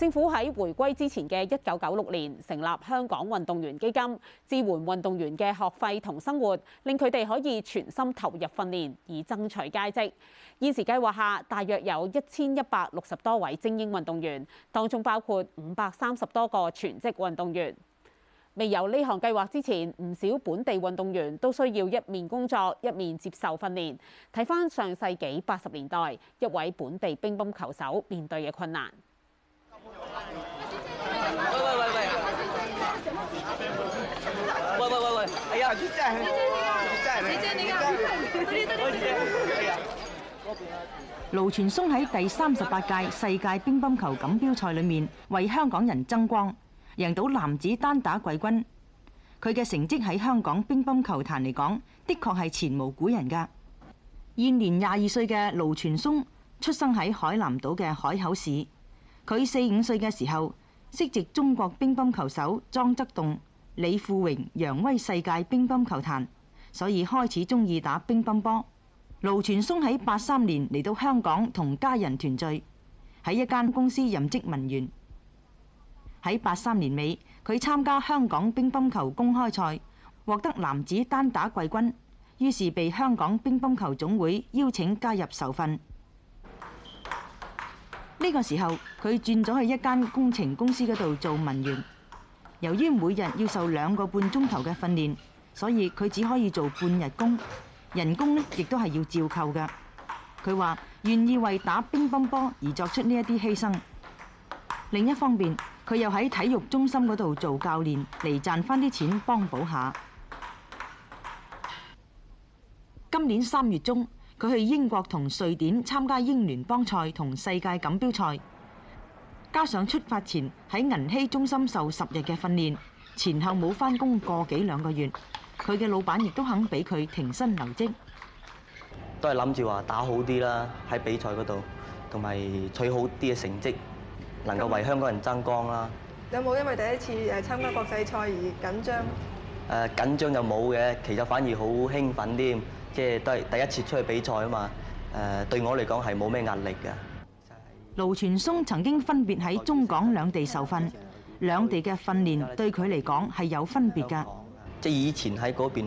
政府喺回歸之前嘅一九九六年成立香港運動員基金，支援運動員嘅學費同生活，令佢哋可以全心投入訓練，以爭取佳績。現時計劃下，大約有一千一百六十多位精英運動員，當中包括五百三十多個全職運動員。未有呢項計劃之前，唔少本地運動員都需要一面工作，一面接受訓練。睇返上世紀八十年代一位本地乒乓球手面對嘅困難。喂喂喂喂，喂喂喂喂，哎呀，真係真係真係，真真呢個真真呢個，真真呢個。盧傳松喺第三十八屆世界乒乓球錦標賽裏面為香港人爭光，贏到男子單打冠軍。佢嘅成績喺香港乒乓球壇嚟講，的確係前無古人噶。現年廿二歲嘅盧傳松出生喺海南島嘅海口市，佢四五歲嘅時候。識識中國乒乓球手莊則棟、李富榮，揚威世界乒乓球壇，所以開始鍾意打乒乓波。盧傳松喺八三年嚟到香港同家人團聚，喺一間公司任職文員。喺八三年尾，佢參加香港乒乓球公開賽，獲得男子單打季軍，於是被香港乒乓球總會邀請加入受訓。呢個時候，佢轉咗去一間工程公司嗰度做文員。由於每日要受兩個半鐘頭嘅訓練，所以佢只可以做半日工，人工呢亦都係要照扣㗎。佢話願意為打乒乓波而作出呢一啲犧牲。另一方面，佢又喺體育中心嗰度做教練嚟賺返啲錢幫補下。今年三月中，佢去英國同瑞典參加英聯邦賽同世界錦標賽，加上出發前喺銀禧中心受十日嘅訓練，前後冇翻工個幾兩個月，佢嘅老闆亦都肯俾佢停薪留職。都係諗住話打好啲啦，喺比賽嗰度同埋取好啲嘅成績，能夠為香港人爭光啦。有冇因為第一次誒參加國際賽而緊張？誒緊張就冇嘅，其實反而好興奮添。即係都係第一次出去比賽啊嘛！誒對我嚟講係冇咩壓力嘅。盧傳松曾經分別喺中港兩地受訓，兩地嘅訓練對佢嚟講係有分別㗎。即係以前喺嗰邊誒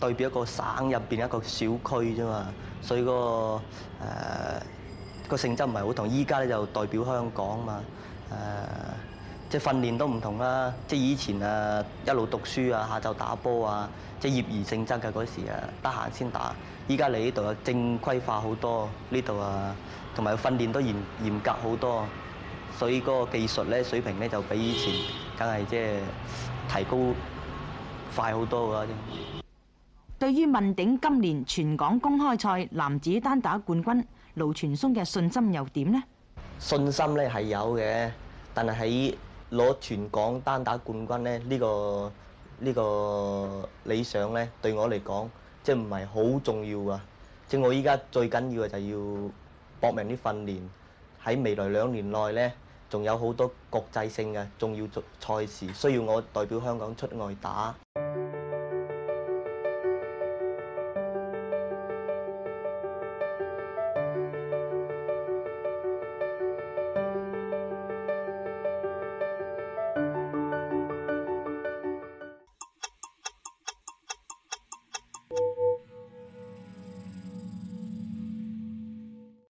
代表一個省入邊一個小區啫嘛，所以個誒個性質唔係好同。依家咧就代表香港啊嘛，誒。即係訓練都唔同啦，即係以前啊，一路讀書啊，下晝打波啊，即係業餘性質嘅嗰時啊，得閒先打。依家你呢度啊，正規化好多，呢度啊，同埋訓練都嚴嚴格好多，所以嗰個技術咧水平咧就比以前梗係即係提高快好多㗎。對於問鼎今年全港公開賽男子單打冠軍，盧傳松嘅信心又點咧？信心咧係有嘅，但係喺攞全港單打冠軍咧，呢個呢個理想咧，對我嚟講即係唔係好重要啊，即係我依家最緊要嘅就係要搏命啲訓練，喺未來兩年內咧，仲有好多國際性嘅重要賽事需要我代表香港出外打。